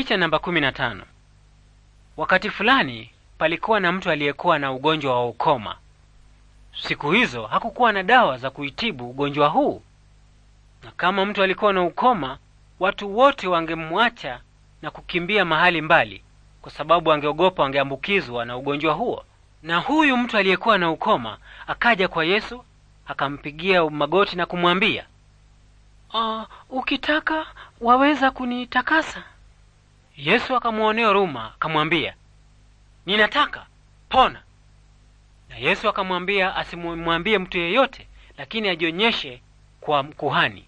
Picha namba 15. Wakati fulani palikuwa na mtu aliyekuwa na ugonjwa wa ukoma. Siku hizo hakukuwa na dawa za kuitibu ugonjwa huu, na kama mtu alikuwa na ukoma, watu wote wangemwacha na kukimbia mahali mbali, kwa sababu angeogopa angeambukizwa na ugonjwa huo. Na huyu mtu aliyekuwa na ukoma akaja kwa Yesu, akampigia magoti na kumwambia, uh, ukitaka waweza kunitakasa. Yesu akamwonea huruma, akamwambia, ninataka pona. Na Yesu akamwambia asimwambie mtu yeyote, lakini ajionyeshe kwa kuhani.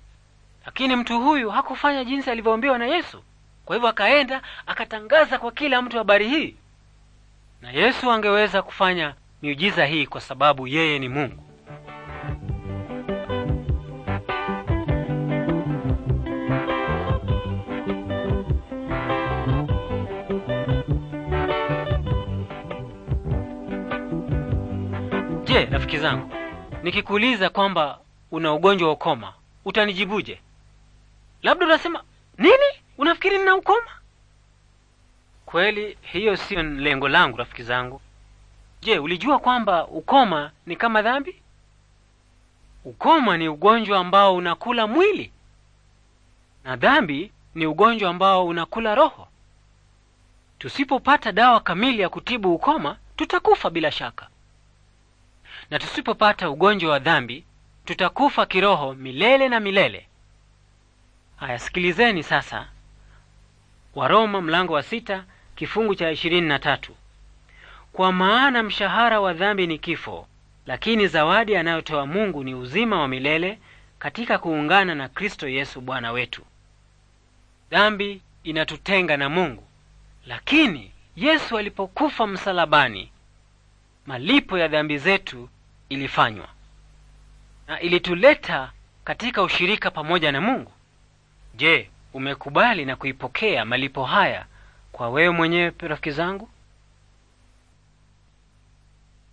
Lakini mtu huyu hakufanya jinsi alivyoambiwa na Yesu. Kwa hivyo akaenda akatangaza kwa kila mtu habari hii, na Yesu angeweza kufanya miujiza hii kwa sababu yeye ni Mungu. Je, rafiki zangu, nikikuuliza kwamba una ugonjwa wa ukoma utanijibuje? Labda unasema nini? Unafikiri nina ukoma? Kweli hiyo siyo lengo langu, rafiki zangu. Je, ulijua kwamba ukoma ni kama dhambi? Ukoma ni ugonjwa ambao unakula mwili na dhambi ni ugonjwa ambao unakula roho. Tusipopata dawa kamili ya kutibu ukoma, tutakufa bila shaka na tusipopata ugonjwa wa dhambi tutakufa kiroho milele na milele. Haya, sikilizeni sasa Waroma mlango wa sita kifungu cha ishirini na tatu kwa maana mshahara wa dhambi ni kifo, lakini zawadi anayotoa Mungu ni uzima wa milele katika kuungana na Kristo Yesu Bwana wetu. Dhambi inatutenga na Mungu, lakini Yesu alipokufa msalabani, malipo ya dhambi zetu ilifanywa na ilituleta katika ushirika pamoja na Mungu. Je, umekubali na kuipokea malipo haya kwa wewe mwenyewe, rafiki zangu?